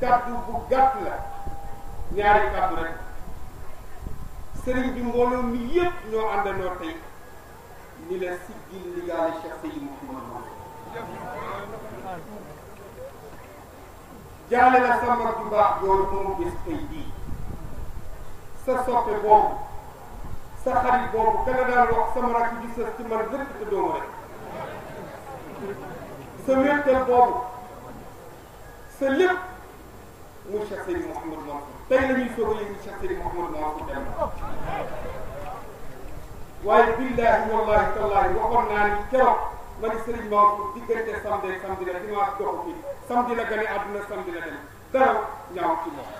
kàddu bu gàtt la ñaari kàddu rek sëriñ bi mbooloo mi yëpp ñoo àndandoo tey ni la siggil ligaale Cheikh Seydi Mouhamed jaale la sa mag ju baax jooju moomu gis tey jii sa soppe boobu sa xarit boobu ka daan wax sama rakk ju sës ci man lépp doomu rek sa wéttal boobu sa lépp mu Cheikh Seydi Mouhamadou Mansour tey la ñuy soog a yëg Cheikh Seydi Mouhamadou Mansour dem waaye billaahi wallaahi tallaahi waxoon naa ni keroog ma ni Serigne Mansour diggante samedi samedi la dimanche doxu fi samedi la gane àdduna samedi la dem dara ñaaw ci moom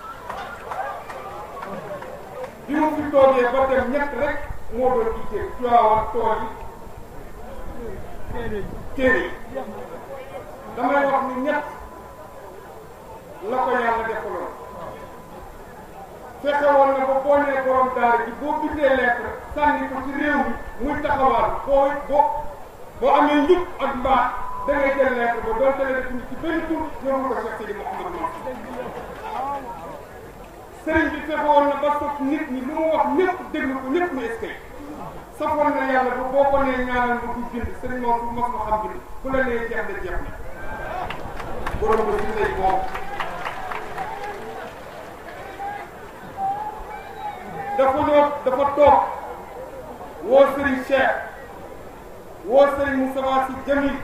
bi mu fi toogee ba dem ñett rek moo doon ittee tuwaawal tool yi téere yi damay wax ni ñett la ko yàlla defaloon fexe woon na ba boo nee borom daara ji boo bindee lettre sànni ko ci réew muy taxawaal boo boo boo amee njub ak mbaax da ngay jël lettre doon tele def ci benn tur yóbbu ko Cheikh Sidi Mouhamed sëriñ bi fexe woon na ba sopp nit ñi lu mu wax ñëpp déglu ko ñëpp mu eskay safoon na yàlla ba boo ko nee ñaanal ma du bind sëriñ moom su mos xam bind bu la nee jeex na na borom ba si lay boobu dafa noo dafa toog woo Serigne Cheikh woo Serigne Moustapha Sy Jamil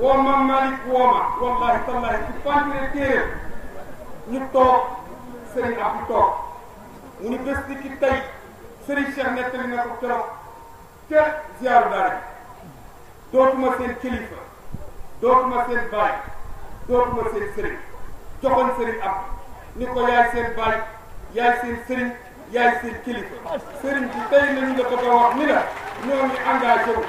woo Mame Malick woo ma wallahi tallahi ci fàntire téere ñu toog Serigne Abdou toog mu ni ki tey Serigne Cheikh nettali na ko keroog te ziyaaru daara dootuma seen kilifa dootuma seen baay dootuma seen sëriñ joxoon sëriñ ab ni ko yaay seen baay yaay seen sëriñ yaay seen kilifa sëriñ bi tey lañu la bëgg a wax ni la ñoo ngi engagé wu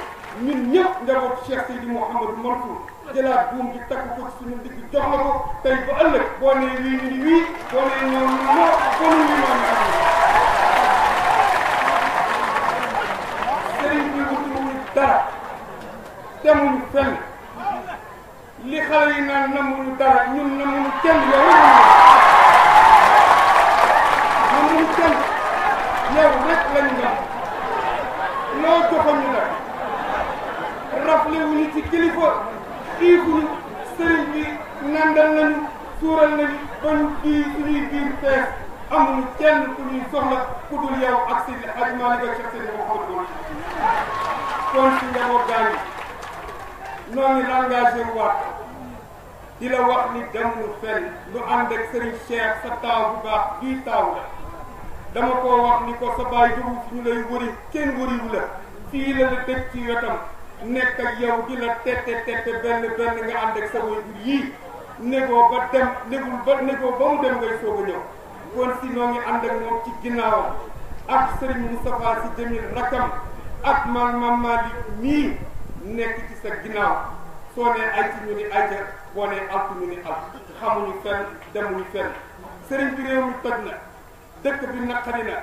ñun ñëpp njabootu Cheikh Seydi Mouhamadou Mansour jëlaat buum bi takk ko ci suñu digg jox na ko tey ba ëllëg boo nee lii nii wii boo nee ñoom ñu moo boo nee ñu noonu ak sëriñ bi wutuwul dara demuñu fenn li xale yi naan namuñu dara ñun namuñu kenn yow yow rek loo joxoon ñu nag rafle wu ci kilifa xiifuñu sëriñ bi nandal nañu suural nañu bañ bii suñuy biir fees amuñu kenn ku soxla ku dul ak si ak Maalik ak Cheikh Seydi Mouhamadou kon si njaboot gaa ngi noo ngi engagé wu waat di la wax ni demul fenn lu ànd ak sëriñ Cheikh sa taaw bu baax bii taaw la dama koo wax ni ko sa baay dugg fi ñu lay wëri kenn wëriwu la fii la la teg ci wetam nekk ak yow di la tette tette benn benn nga ànd ak sa waajur yii négoo ba dem négul ba négoo ba mu dem ngay soog a ñëw kon si noo ngi ànd ak moom ci ginnaawam ak sëriñ Moustapha si jëmil rakam ak man Mame Malick mii nekk ci sa ginnaaw soo nee ay ci ñu ni ay ja boo nee altu ñu ni al xamuñu fenn demuñu fenn sëriñ bi réew mi toj na dëkk bi naqari na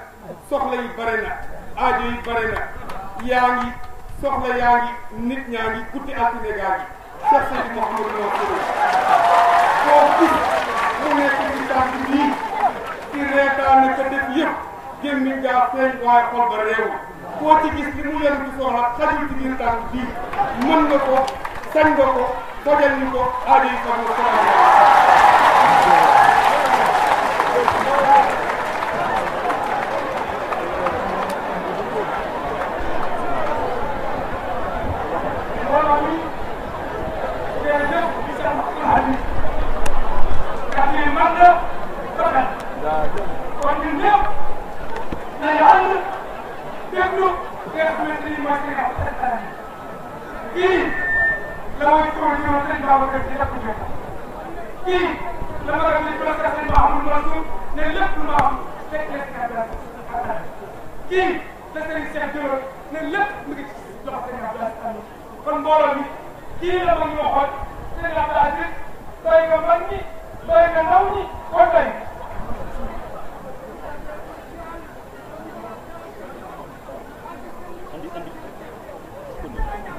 soxla yi bare na aajo yi bare na yaa ngi soxla yaa ngi nit ñaa ngi guddi altine gaa ngi Cheikh Seydi Mouhamadou Mansour koo gis mu nekk ci tànk bii ci reetaan ka def yëpp gémmiñ gaa feeñ waaye xol ba réew koo ci gis li mu yor ci soxla xajul ci biir tànk bii mën nga ko sañ nga ko fajal ñu ko aajo yi sax nga danaa ci woon ñëwoon sëñ Babacar ci dëkk Diop kii la ma gis la ko sëñ Mahamadou Mansour ne lépp lu ma xam fekk leen ci Abdoulaye kii la sëñ Cheikh Diop ne lépp mu ngi ci jox sëñ Abdoulaye Sall kon mbooloo mi kii la ma ñu waxoon sëñ Abdoulaye Aziz doy nga mag ñi doy nga ndaw ñi kon doy Thank you.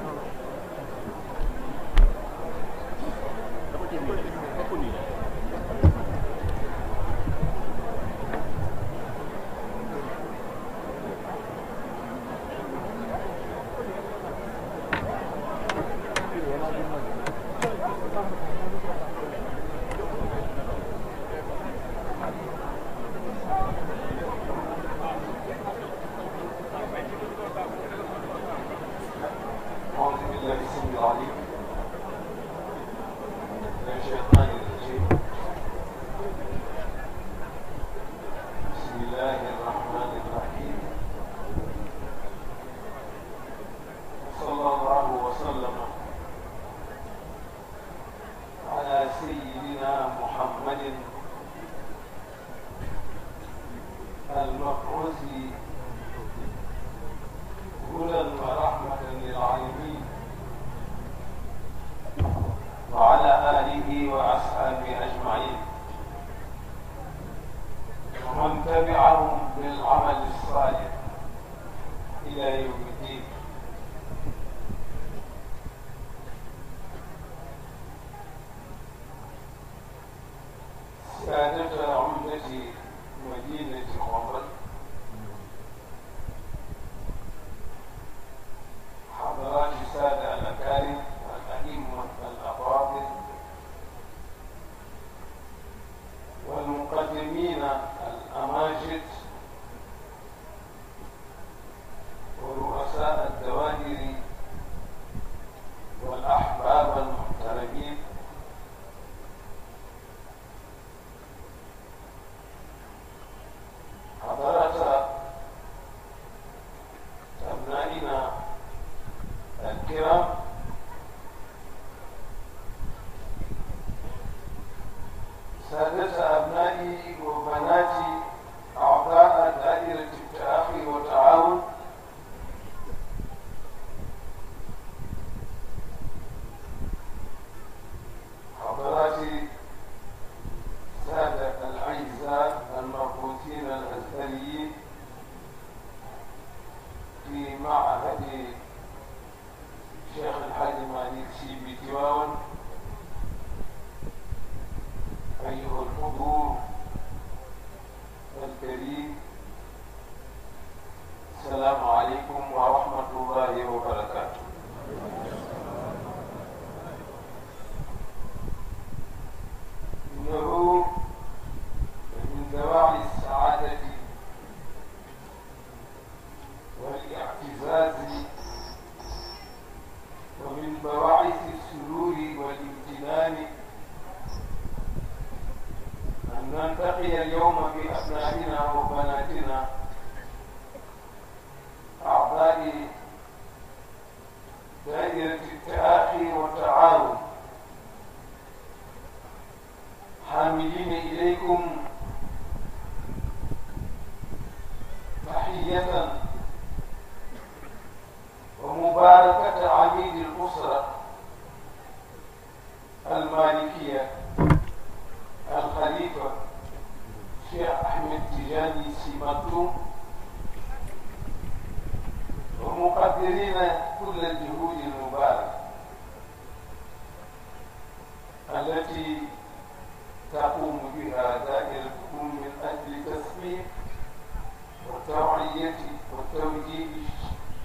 الشرعية وتوجيه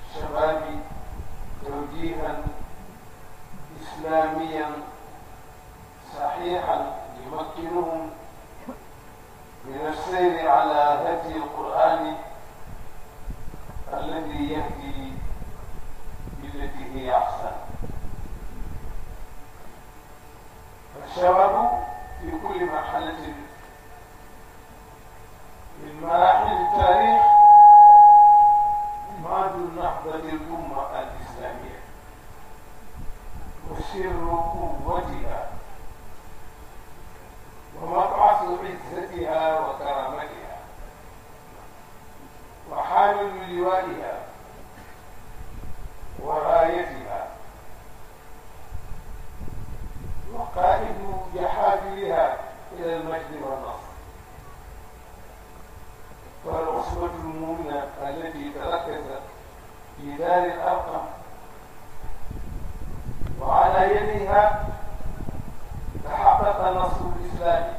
الشباب توجيها إسلاميا صحيحا يمكنهم من السير على هدي القرآن الذي يهدي بالتي هي أحسن الشباب في كل مرحلة من مراحل التاريخ سر قوتها ومطعس عزتها وكرامتها وحامل لوائها ورايتها وقائد جحافلها إلى المجد والنصر والعصبة المؤمنة التي تركزت في دار الأرقم على يدها تحقق نصر الإسلام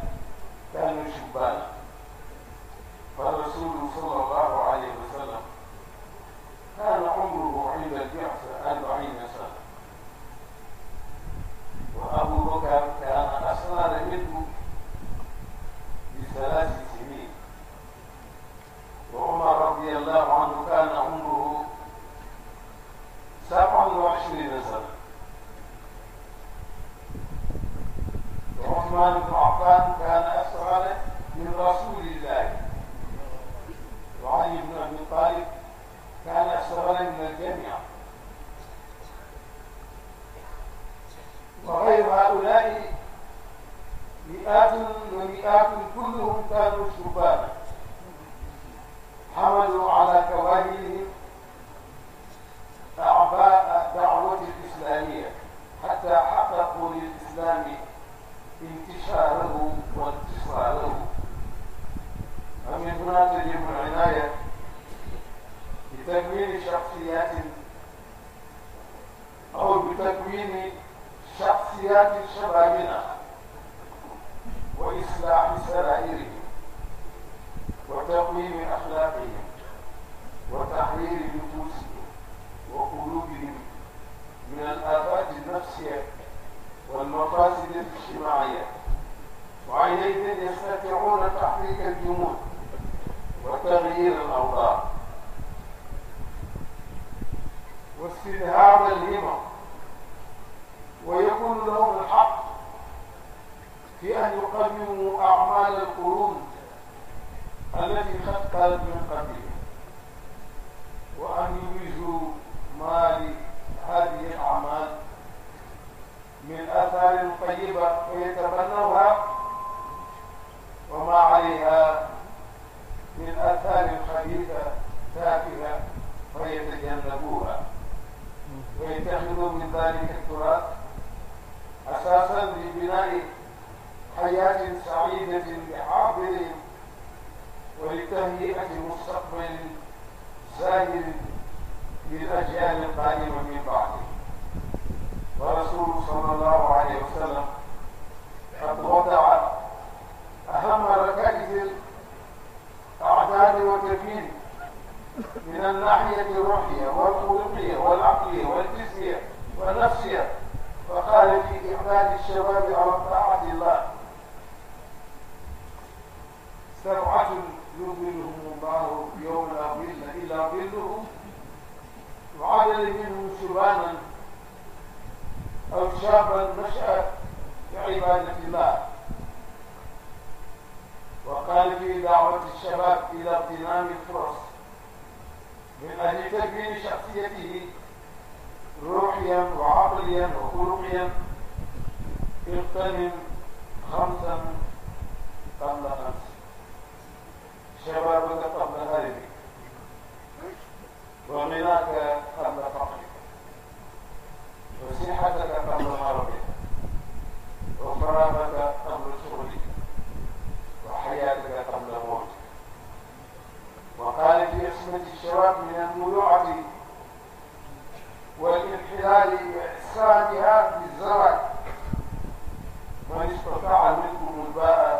help you سبعة يظللهم الله يوم لا ظل إلا ظلهم وعدل منهم شبانا أو شابا نشأ في عبادة الله وقال في دعوة الشباب إلى اغتنام الفرص من أجل تكوين شخصيته روحيا وعقليا وخلقيا اغتنم خمسا قبل خمسه شبابك قبل هرمك وغناك قبل فقرك وصحتك قبل مرضك وفراغك قبل شغلك وحياتك قبل موتك وقال في عصمة الشباب من الملوعة والانحلال وإحسانها بالزرع من استطاع منكم الباء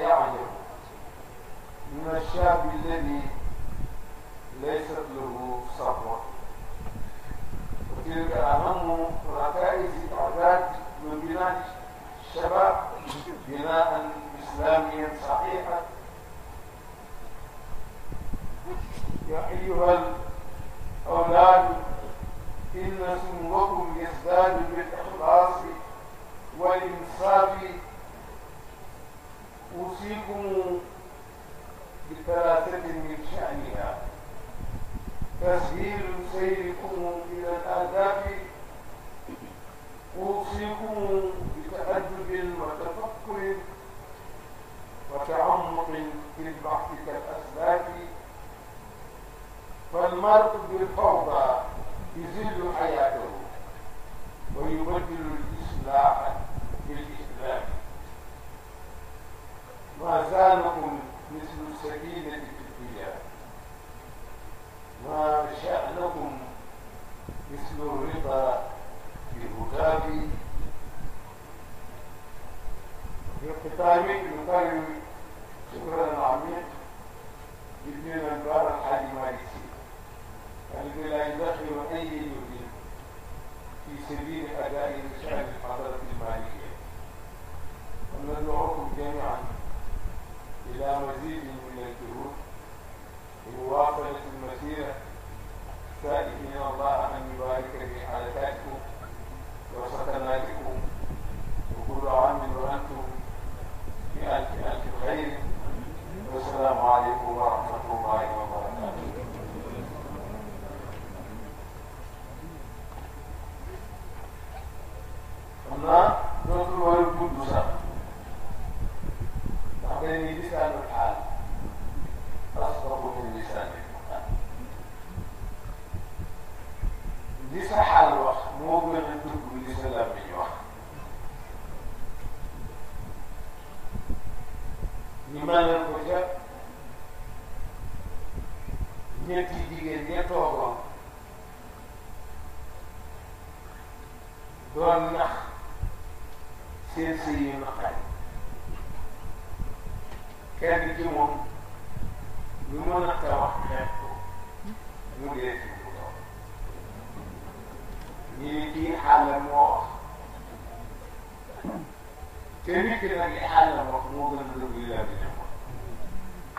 يعلم من الشاب الذي ليست له صفوة وتلك أهم ركائز تعداد من بناء الشباب بناء إسلاميا صحيحا يا أيها الأولاد إن سموكم يزداد بالإخلاص والإنصاف أوصيكم بثلاثة من شأنها تسهيل سيركم إلى الآداب أوصيكم بتأدب وتفكر وتعمق في البحث كالأسباب فالمرء بالفوضى يزل حياته ويبدل الإصلاح وأذانكم مثل السكينة في الدنيا وشأنكم مثل الرضا في بهتاب في الختام يقال شكرا عميق لابن المبارك الحليمارسي الذي لا يدخل أي يمين في سبيل أداء شأن الحضارة المالية وندعوكم جميعا إلى مزيد من الجهود لمواصلة المسيرة السائرة te nit ki nag li aar la bopp moo gën a dëgg li laa di def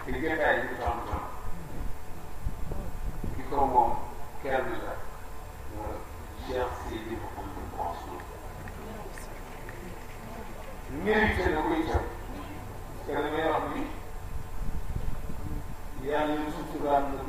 te jotaay yi tax na ki ko moom kenn la wala Cheikh Sidi Mouhamed Mansour mérité na ko itam te damay wax ni yàlla ñu suturaam na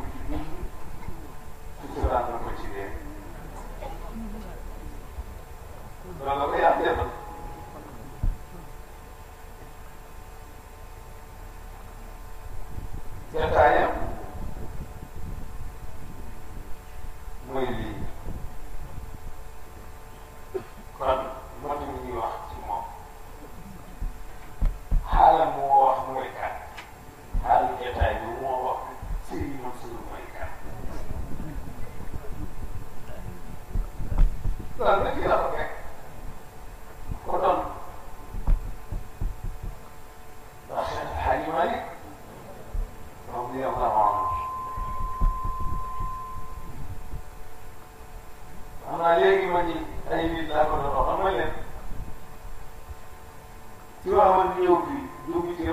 ci waawoon ñëw bi dugg ci bi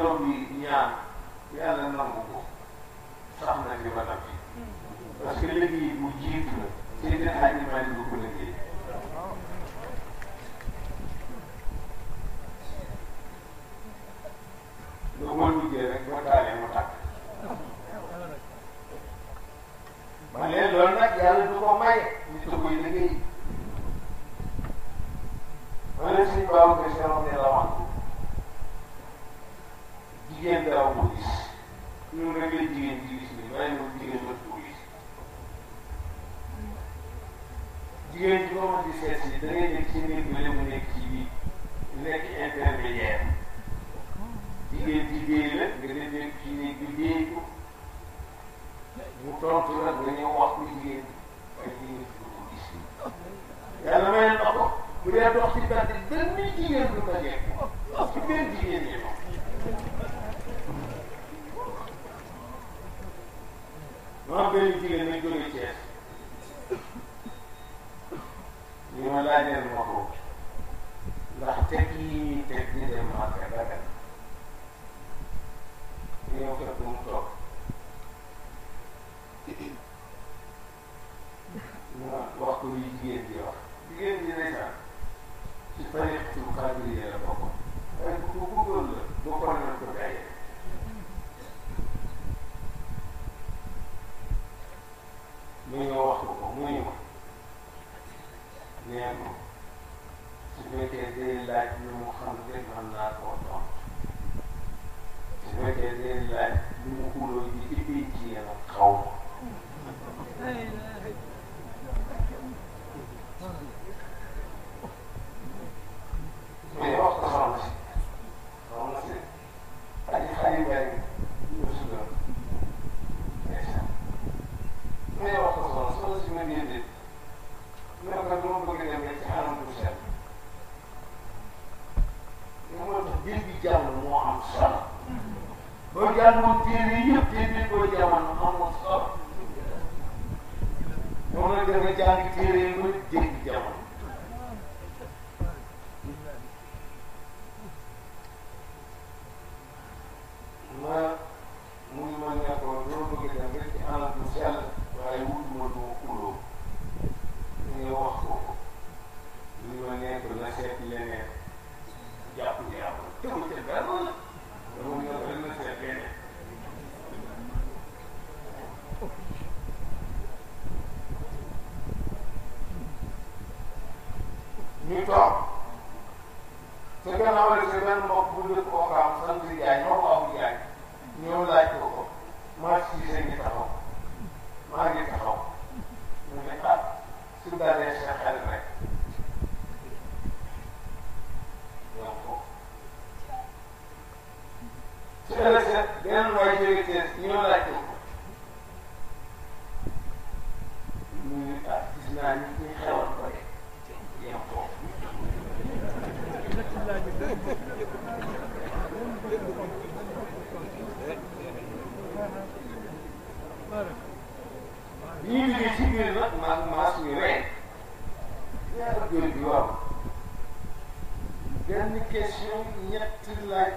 yàlla nangu ko sax na ba parce que jiitu la seen xaaj ko liggéey ma liggéey rek taalee tàkk ma ne loolu nag yéen daaw ko gis ñun rek la jigéen ci gis ni waaye moom jigéen la ko gis jigéen ji boo di seet si da ngay nekk ci néeg wala mu nekk ci biir nekk intermédiaire jigéen ji déey la nga dem nekk ci néeg bi déey ko mu tontu la nga ñëw wax ko jigéen waaye jigéen ji ko gis yàlla may na que bu dee dox ci benn benn moom benn jigéen ñi jóge Thiès ma laajee ma ko ndax teg yi ñuy teg di dem Màkka dagan ñoo fekk mu toog mu wax mu ne ma waxtu ko mu ne ma nee ma su fekkee laaj mu xam lépp mën naa koo tontu su fekkee day laaj lu mu xuloo ji ci biir jiyee ma xaw ñu toog te gannaaw la ci benn mbokk bu dul koo xam sant jaay ñoo ko am jaay ñëw laaj ko ko maa ci gisee ngi taxaw maa ngi taxaw mu ne ah su dalee sa xel rek donc su ëllëg sa beneen waay jóge Thiès ñëw laaj ko ko mu ne ah gis naa ñu xew bi ñu ci biir nag maa maa suñu rek ñaata góor bi waaw benn question ñetti laaj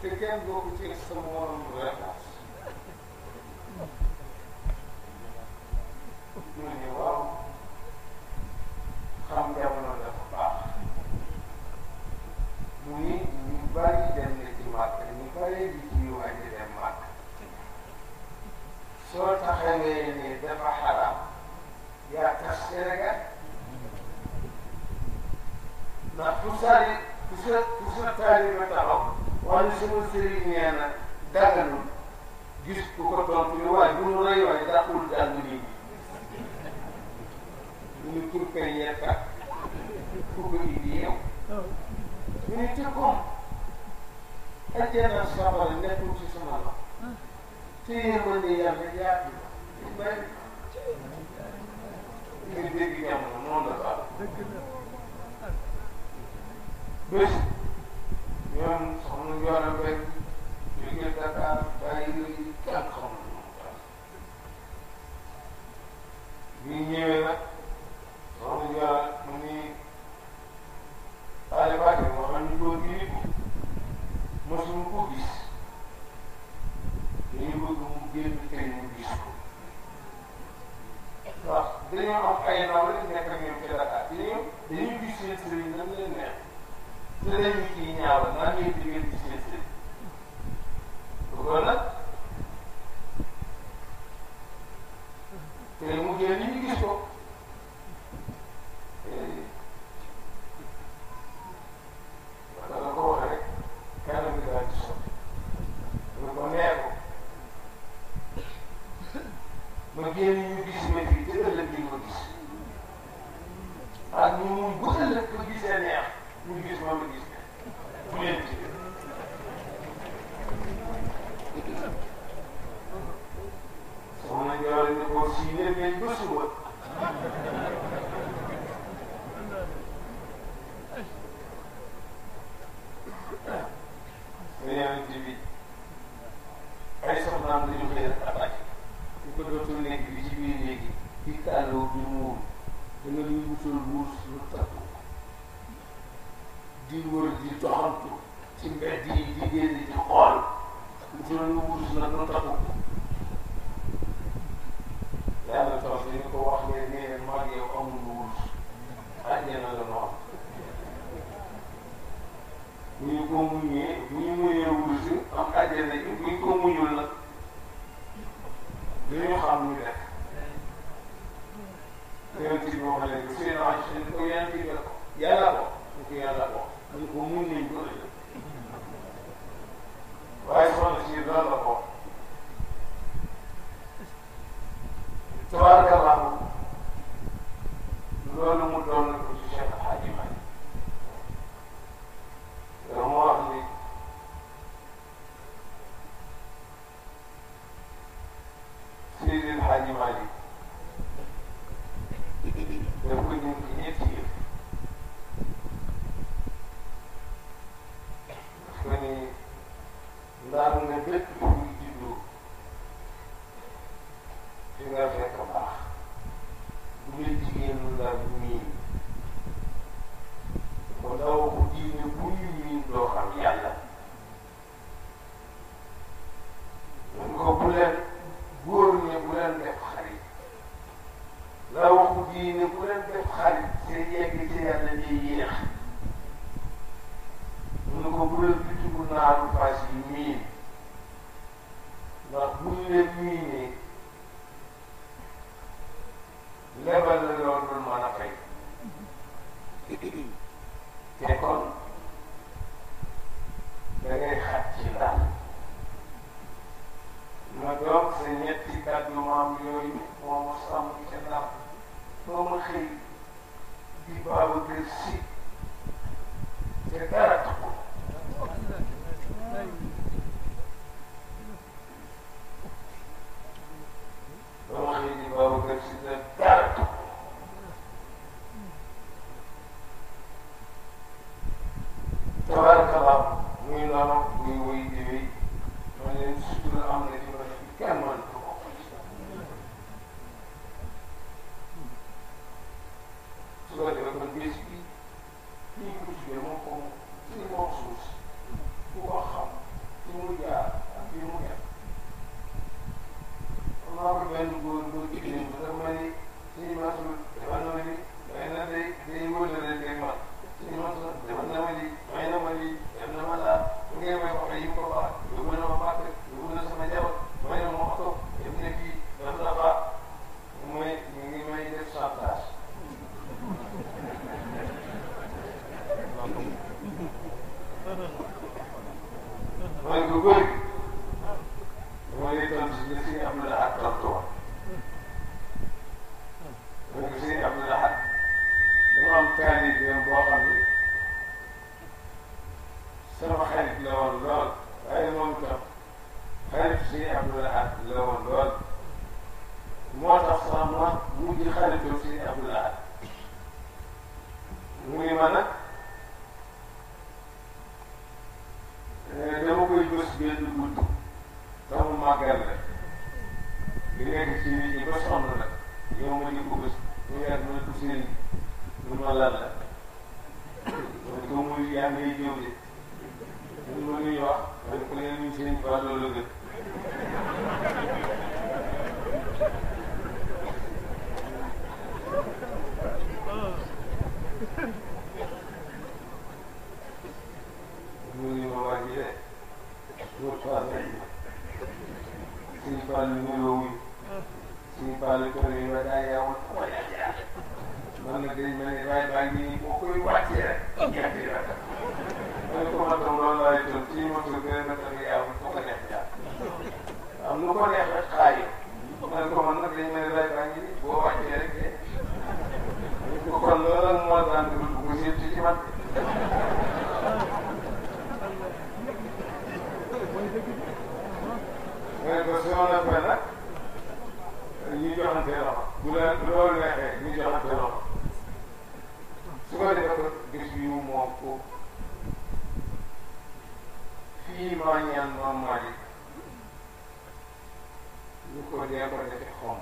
te kenn boo ko ci sama morom nieve, 不是我。Tomar xam-xam benn góor góor jigéen bi dafa may si masul màggal la li léegi si nit ñi ba sonn la yow ma di ko gis ñu weer mën a tuuti nit ñi ma lan la loolu doo muy yaa ngay jëw de ñun lu ñuy wax man ku leen ñu seen ba loolu gën ñu ñu ma wax yi de Fallou nuyoo wuyu suñu Fallou kër yi ba daa yeewul ma ne waaye baa ngi boo koy wàccee rek ñebe ji rek ma ne ko man tam loolu laay doon ci ma tur beneen ba tamit yeewul foo ko neex daal am lu ko neex rek xaajoo ma ne ko man nag dañ ma ne waaye baa ngi boo wàccee rek moom la bëri nag ñu joxante loxo bu la loolu neexee ñu joxante loxo su ko defee ko gis yu moom ko fii ma ñaan moom moo di ñu ko dee ko defe xomb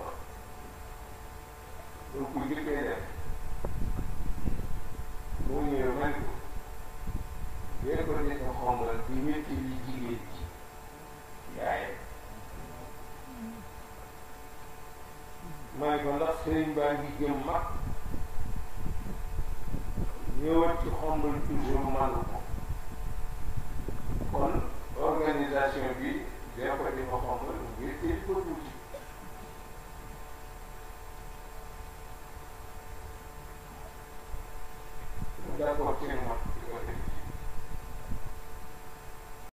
loolu ku njëkkee def boo ñëwee mel ko dee ko defe xomb bi métti yi jigéen maa ngi ko ndax sëriñ baa ngi jëm mag ñëwal ci xombal toujours man ko kon organisation bi dee ko di ko xombal ngir il ko tuuti d'accord ci